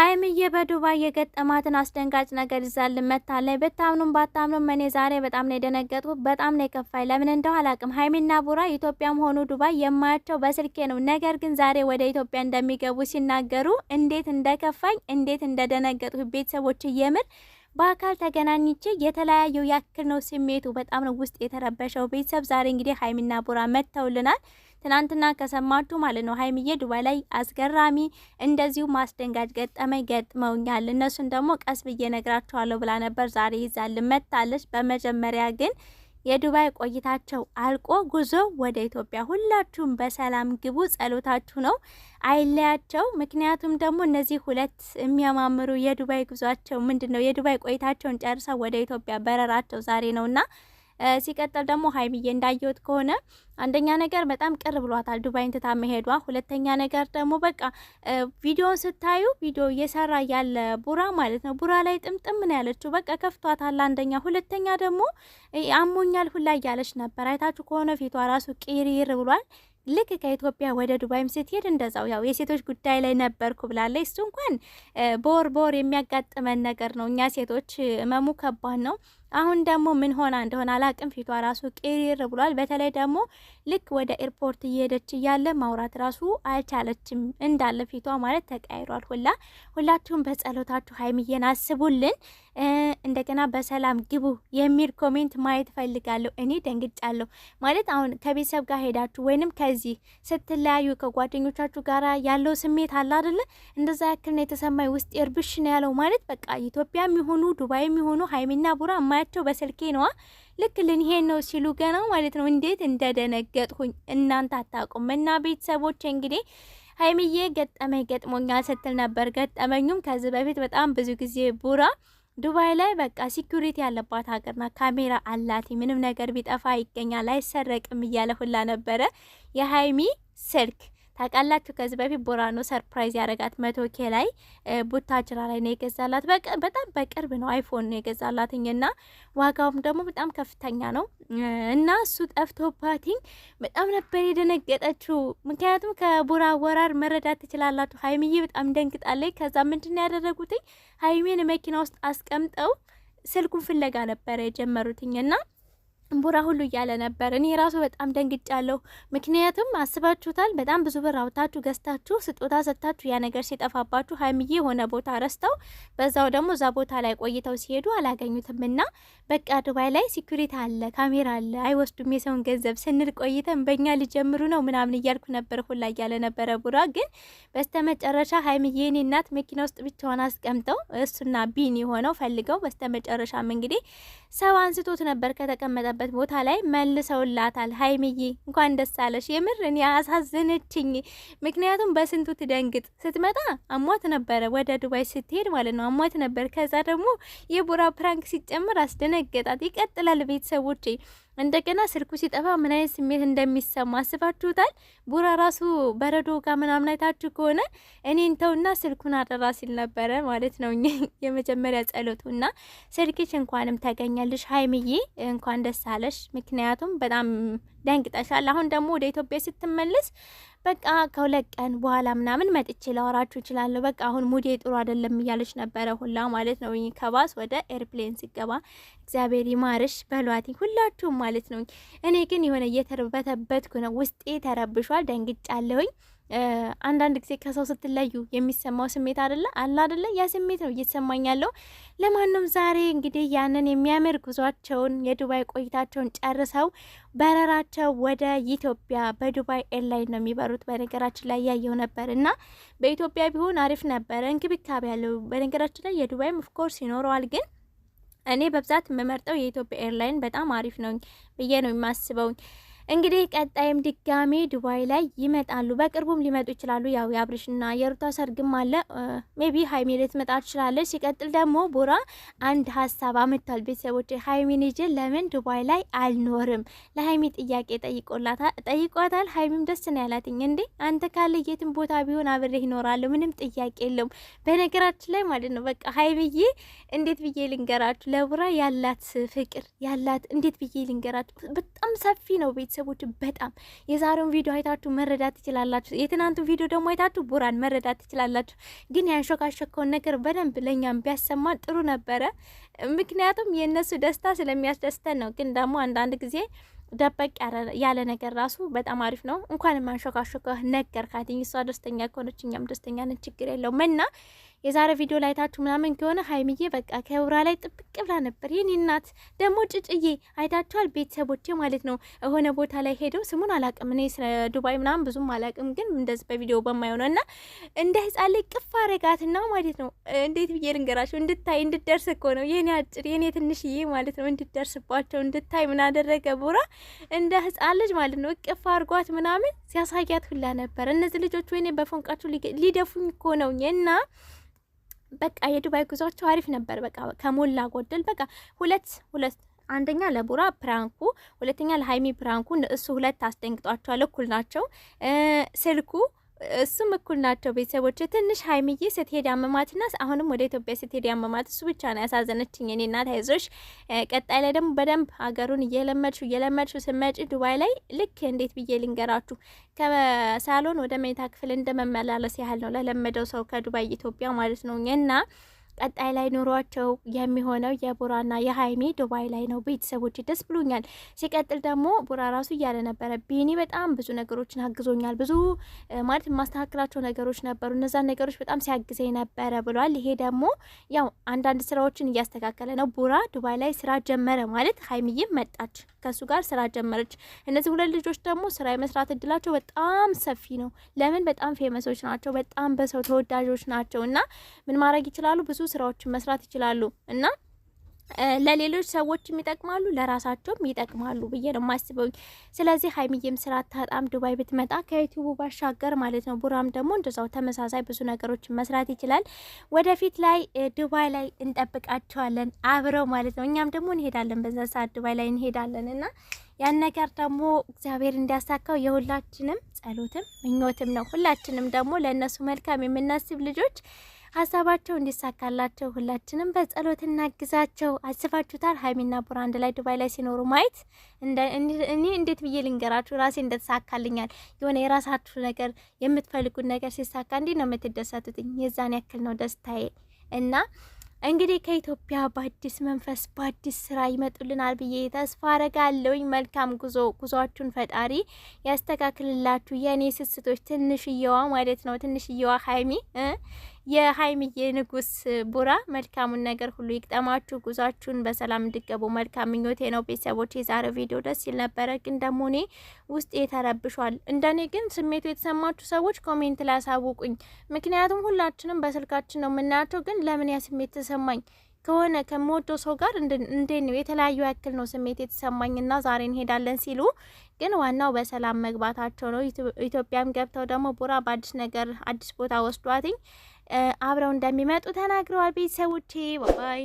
ሀይምዬ በዱባይ የገጠማትን አስደንጋጭ ነገር ይዛልን መታለች። ብታምኑም ባታምኑም እኔ ዛሬ በጣም ነው የደነገጥኩት። በጣም ነው የከፋኝ። ለምን እንደው አላቅም። ሀይሚና ቡራ ኢትዮጵያም ሆኑ ዱባይ የማያቸው በስልኬ ነው። ነገር ግን ዛሬ ወደ ኢትዮጵያ እንደሚገቡ ሲናገሩ እንዴት እንደከፋኝ፣ እንዴት እንደደነገጥኩ ቤተሰቦች የምር በአካል ተገናኝቼ የተለያዩ ያክል ነው ስሜቱ። በጣም ነው ውስጥ የተረበሸው ቤተሰብ። ዛሬ እንግዲህ ሀይሚና ቡራ መጥተውልናል። ትናንትና ከሰማችሁ ማለት ነው ሀይሚዬ ዱባይ ላይ አስገራሚ እንደዚሁ ማስደንጋጭ ገጠመኝ ገጥመውኛል፣ እነሱን ደግሞ ቀስ ብዬ እነግራችኋለሁ ብላ ነበር። ዛሬ ይዛል መታለች። በመጀመሪያ ግን የዱባይ ቆይታቸው አልቆ ጉዞ ወደ ኢትዮጵያ ሁላችሁም በሰላም ግቡ፣ ጸሎታችሁ ነው አይለያቸው። ምክንያቱም ደግሞ እነዚህ ሁለት የሚያማምሩ የዱባይ ጉዟቸው ምንድን ነው የዱባይ ቆይታቸውን ጨርሰው ወደ ኢትዮጵያ በረራቸው ዛሬ ነውና ሲቀጥል ደግሞ ሀይሚዬ እንዳየሁት ከሆነ አንደኛ ነገር በጣም ቅር ብሏታል ዱባይን ትታ መሄዷ። ሁለተኛ ነገር ደግሞ በቃ ቪዲዮን ስታዩ ቪዲዮ እየሰራ ያለ ቡራ ማለት ነው። ቡራ ላይ ጥምጥም ነው ያለችው። በቃ ከፍቷታል። አንደኛ ሁለተኛ ደግሞ አሞኛል ሁላ እያለች ነበር። አይታችሁ ከሆነ ፊቷ ራሱ ቂሪር ብሏል። ልክ ከኢትዮጵያ ወደ ዱባይም ስትሄድ እንደዛው ያው የሴቶች ጉዳይ ላይ ነበርኩ ብላለች። እሱ እንኳን በወር በወር የሚያጋጥመን ነገር ነው። እኛ ሴቶች እመሙ ከባድ ነው። አሁን ደግሞ ምን ሆና እንደሆነ አላቅም፣ ፊቷ ራሱ ቅሪር ብሏል። በተለይ ደግሞ ልክ ወደ ኤርፖርት እየሄደች እያለ ማውራት ራሱ አልቻለችም፣ እንዳለ ፊቷ ማለት ተቀይሯል። ሁላ። ሁላችሁም በጸሎታችሁ ሀይሚዬን አስቡልን፣ እንደገና በሰላም ግቡ የሚል ኮሜንት ማየት ፈልጋለሁ። እኔ ደንግጫለሁ ማለት አሁን ከቤተሰብ ጋር ሄዳችሁ ወይንም ከዚህ ስትለያዩ ከጓደኞቻችሁ ጋር ያለው ስሜት አለ አይደለ? እንደዛ ያክል ነው የተሰማኝ። ውስጥ ኤርብሽ ነው ያለው ማለት በቃ ኢትዮጵያ የሚሆኑ ዱባይ የሚሆኑ ሀይሚና ቡራ የማያቸው በስልኬ ነዋ። ልክ ልንሄድ ነው ሲሉ ገና ማለት ነው እንዴት እንደደነገጥኩኝ እናንተ አታውቁም። እና ቤተሰቦች እንግዲህ ሀይሚዬ ገጠመኝ ገጥሞኛል ስትል ነበር። ገጠመኙም ከዚህ በፊት በጣም ብዙ ጊዜ ቡራ ዱባይ ላይ በቃ ሲኩሪቲ ያለባት ሀገር ናት። ካሜራ አላት። ምንም ነገር ቢጠፋ ይገኛል፣ አይሰረቅም እያለ ሁላ ነበረ የሀይሚ ስልክ ታውቃላችሁ፣ ከዚህ በፊት ቦራኖ ሰርፕራይዝ ያደረጋት መቶ ኬ ላይ ቡታጅራ ላይ ነው የገዛላት። በጣም በቅርብ ነው አይፎን ነው የገዛላትኝ እና ዋጋውም ደግሞ በጣም ከፍተኛ ነው እና እሱ ጠፍቶባትኝ በጣም ነበር የደነገጠችው። ምክንያቱም ከቡራ ወራር መረዳት ትችላላችሁ። ሀይሚዬ በጣም ደንግጣለች። ከዛ ምንድን ያደረጉትኝ ሀይሜን መኪና ውስጥ አስቀምጠው ስልኩን ፍለጋ ነበረ የጀመሩትኝ እና ቡራ ሁሉ እያለ ነበር። እኔ ራሱ በጣም ደንግጫለሁ። ምክንያቱም አስባችሁታል፣ በጣም ብዙ ብር አውታችሁ ገዝታችሁ ስጦታ ሰጥታችሁ ያ ነገር ሲጠፋባችሁ ሀይሚዬ የሆነ ቦታ ረስተው በዛው ደግሞ እዛ ቦታ ላይ ቆይተው ሲሄዱ አላገኙትም እና በቃ ዱባይ ላይ ሲኩሪቲ አለ፣ ካሜራ አለ፣ አይወስዱም የሰውን ገንዘብ ስንል ቆይተን በእኛ ሊጀምሩ ነው ምናምን እያልኩ ነበር ሁላ እያለ ነበረ ቡራ። ግን በስተመጨረሻ ሀይሚዬ የኔ እናት መኪና ውስጥ ብቻውን አስቀምጠው እሱና ቢን የሆነው ፈልገው በስተመጨረሻም እንግዲህ ሰው አንስቶት ነበር ከተቀመጠ ባለበት ቦታ ላይ መልሰውላታል። ሀይሚዬ እንኳን ደስ አለሽ። የምርን ያሳዝነችኝ። ምክንያቱም በስንቱ ትደንግጥ። ስትመጣ አሟት ነበረ፣ ወደ ዱባይ ስትሄድ ማለት ነው አሟት ነበር። ከዛ ደግሞ የቡራ ፕራንክ ሲጨምር አስደነገጣት። ይቀጥላል ቤተሰቦቼ እንደገና ስልኩ ሲጠፋ ምን አይነት ስሜት እንደሚሰማ አስባችሁታል? ቡራ ራሱ በረዶ ጋ ምናምን አይታችሁ ከሆነ እኔን ተውና ስልኩን አደራ ሲል ነበረ ማለት ነው። የመጀመሪያ ጸሎቱ እና ስልክሽ እንኳንም ተገኛልሽ ሀይምዬ እንኳን ደስ አለሽ። ምክንያቱም በጣም ደንግጠሻል። አሁን ደግሞ ወደ ኢትዮጵያ ስትመለስ በቃ ከሁለት ቀን በኋላ ምናምን መጥቼ ላወራችሁ እችላለሁ፣ በቃ አሁን ሙዴ ጥሩ አይደለም እያለች ነበረ ሁላ ማለት ነው። ከባስ ወደ ኤርፕሌን ሲገባ እግዚአብሔር ይማርሽ በሏት ሁላችሁም ማለት ነው። እኔ ግን የሆነ እየተርበተበትኩ ነው፣ ውስጤ ተረብሿል፣ ደንግጫለሁኝ። አንዳንድ ጊዜ ከሰው ስትለዩ የሚሰማው ስሜት አደለ አለ አደለ ያ ስሜት ነው እየተሰማኝ ያለው። ለማንም ዛሬ እንግዲህ ያንን የሚያምር ጉዟቸውን የዱባይ ቆይታቸውን ጨርሰው በረራቸው ወደ ኢትዮጵያ በዱባይ ኤርላይን ነው የሚበሩት። በነገራችን ላይ ያየው ነበር እና በኢትዮጵያ ቢሆን አሪፍ ነበረ፣ እንክብካቤ ያለው በነገራችን ላይ የዱባይም ኦፍኮርስ ይኖረዋል ግን እኔ በብዛት የምመርጠው የኢትዮጵያ ኤርላይን በጣም አሪፍ ነው ብዬ ነው የማስበውኝ። እንግዲህ ቀጣይም ድጋሜ ዱባይ ላይ ይመጣሉ። በቅርቡም ሊመጡ ይችላሉ። ያው የአብርሽና የሩታ ሰርግም አለ። ሜቢ ሀይሜ ልትመጣ ትችላለች። ሲቀጥል ደግሞ ቡራ አንድ ሀሳብ አመቷል። ቤተሰቦች ሀይሜን ይዤ ለምን ዱባይ ላይ አልኖርም? ለሀይሜ ጥያቄ ጠይቋታል። ሀይሜም ደስ ነው ያላትኝ። እንዴ አንተ ካለ የትም ቦታ ቢሆን አብሬህ ይኖራለሁ፣ ምንም ጥያቄ የለውም። በነገራችን ላይ ማለት ነው በቃ ሀይሜዬ እንዴት ብዬ ልንገራችሁ፣ ለቡራ ያላት ፍቅር ያላት እንዴት ብዬ ልንገራችሁ፣ በጣም ሰፊ ነው ቤተሰቦች ቤተሰቦች በጣም የዛሬውን ቪዲዮ አይታችሁ መረዳት ትችላላችሁ። የትናንቱን ቪዲዮ ደግሞ አይታችሁ ቡራን መረዳት ትችላላችሁ። ግን ያንሾካሸከውን ነገር በደንብ ለእኛም ቢያሰማን ጥሩ ነበረ። ምክንያቱም የእነሱ ደስታ ስለሚያስደስተን ነው። ግን ደግሞ አንዳንድ ጊዜ ደበቅ ያለ ነገር ራሱ በጣም አሪፍ ነው። እንኳን ማንሾካሾከ ነገር ካትኝ እሷ ደስተኛ ከሆነች እኛም ደስተኛ ነን። ችግር የለውም እና የዛሬ ቪዲዮ ላይታችሁ ምናምን ከሆነ ሀይሚዬ በቃ ከውራ ላይ ጥብቅ ብላ ነበር። ይህን እናት ደግሞ ጭጭዬ አይታችኋል፣ ቤተሰቦቼ ማለት ነው። የሆነ ቦታ ላይ ሄደው ስሙን አላቅም እኔ ስለ ዱባይ ምናምን ብዙም አላቅም፣ ግን እንደዚህ በቪዲዮ ነው እና እንደ ህጻን ላይ ቅፍ አረጋትና ማለት ነው። እንዴት ብዬ ልንገራቸው? እንድታይ እንድደርስ እኮ ነው የኔ አጭር የኔ ትንሽዬ ማለት ነው። እንድደርስባቸው እንድታይ ምን አደረገ ቡራ፣ እንደ ህጻን ልጅ ማለት ነው። ቅፍ አርጓት ምናምን ሲያሳያት ሁላ ነበር። እነዚህ ልጆች ወይኔ በፎንቃቸው ሊደፉኝ እኮ ነው እና በቃ የዱባይ ጉዟቸው አሪፍ ነበር። በቃ ከሞላ ጎደል በቃ ሁለት ሁለት አንደኛ ለቡራ ፕራንኩ፣ ሁለተኛ ለሀይሚ ፕራንኩ። እሱ ሁለት አስደንግጧቸዋል። እኩል ናቸው ስልኩ እሱም እኩል ናቸው ቤተሰቦች። ትንሽ ሀይሚዬ ስትሄድ ያመማት ና አሁንም ወደ ኢትዮጵያ ስትሄድ ያመማት እሱ ብቻ ነው ያሳዘነችኝ። እኔ እናት አይዞሽ፣ ቀጣይ ላይ ደግሞ በደንብ ሀገሩን እየለመድሹ እየለመድሹ ስመጪ ዱባይ ላይ ልክ እንዴት ብዬ ልንገራችሁ ከሳሎን ወደ መኝታ ክፍል እንደመመላለስ ያህል ነው ለለመደው ሰው ከዱባይ ኢትዮጵያ ማለት ነው እና ቀጣይ ላይ ኑሯቸው የሚሆነው የቡራና የሀይሚ ዱባይ ላይ ነው። ቤተሰቦች ደስ ብሎኛል። ሲቀጥል ደግሞ ቡራ ራሱ እያለ ነበረ ቢኒ በጣም ብዙ ነገሮችን አግዞኛል። ብዙ ማለት የማስተካከላቸው ነገሮች ነበሩ፣ እነዛን ነገሮች በጣም ሲያግዘኝ ነበረ ብሏል። ይሄ ደግሞ ያው አንዳንድ ስራዎችን እያስተካከለ ነው። ቡራ ዱባይ ላይ ስራ ጀመረ ማለት ሀይሚይም መጣች ከእሱ ጋር ስራ ጀመረች። እነዚህ ሁለት ልጆች ደግሞ ስራ የመስራት እድላቸው በጣም ሰፊ ነው። ለምን በጣም ፌመሶች ናቸው፣ በጣም በሰው ተወዳጆች ናቸው። እና ምን ማድረግ ይችላሉ ብዙ ስራዎችን መስራት ይችላሉ እና ለሌሎች ሰዎችም ይጠቅማሉ ለራሳቸውም ይጠቅማሉ ብዬ ነው የማስበው። ስለዚህ ሀይሚዬም ስራ አታጣም ዱባይ ብትመጣ ከዩቲዩቡ ባሻገር ማለት ነው። ቡራም ደግሞ እንደዛው ተመሳሳይ ብዙ ነገሮችን መስራት ይችላል። ወደፊት ላይ ዱባይ ላይ እንጠብቃቸዋለን አብረው ማለት ነው። እኛም ደግሞ እንሄዳለን፣ በዛ ሰዓት ዱባይ ላይ እንሄዳለን እና ያን ነገር ደግሞ እግዚአብሔር እንዲያሳካው የሁላችንም ጸሎትም ምኞትም ነው። ሁላችንም ደግሞ ለእነሱ መልካም የምናስብ ልጆች ሀሳባቸው እንዲሳካላቸው ሁላችንም በጸሎት እናግዛቸው። አስባችሁታል? ሀይሚና ቡራ አንድ ላይ ዱባይ ላይ ሲኖሩ ማየት እኔ እንዴት ብዬ ልንገራችሁ? ራሴ እንደተሳካልኛል የሆነ የራሳችሁ ነገር የምትፈልጉት ነገር ሲሳካ እንዲህ ነው የምትደሰቱትኝ። የዛን ያክል ነው ደስታዬ እና እንግዲህ ከኢትዮጵያ በአዲስ መንፈስ በአዲስ ስራ ይመጡልናል ብዬ ተስፋ አረጋለውኝ። መልካም ጉዞ፣ ጉዟችሁን ፈጣሪ ያስተካክልላችሁ። የእኔ ስስቶች ትንሽየዋ ማለት ነው ትንሽየዋ ሀይሚ የሀይሚዬ ንጉስ ቡራ መልካሙን ነገር ሁሉ ይግጠማችሁ፣ ጉዟችሁን በሰላም እንድገቡ መልካም ምኞቴ ነው። ቤተሰቦች የዛሬው ቪዲዮ ደስ ሲል ነበረ፣ ግን ደግሞ እኔ ውስጤ ተረብሿል። እንደኔ ግን ስሜቱ የተሰማችሁ ሰዎች ኮሜንት ላይ አሳውቁኝ። ምክንያቱም ሁላችንም በስልካችን ነው የምናያቸው፣ ግን ለምን ያ ስሜት ተሰማኝ ከሆነ ከምወደው ሰው ጋር እንዴት ነው የተለያዩ ያክል ነው ስሜት የተሰማኝና ዛሬ እንሄዳለን ሲሉ ግን ዋናው በሰላም መግባታቸው ነው። ኢትዮጵያም ገብተው ደግሞ ቡራ በአዲስ ነገር አዲስ ቦታ ወስዷትኝ አብረው እንደሚመጡ ተናግረዋል። ቤተሰቦቼ ባይ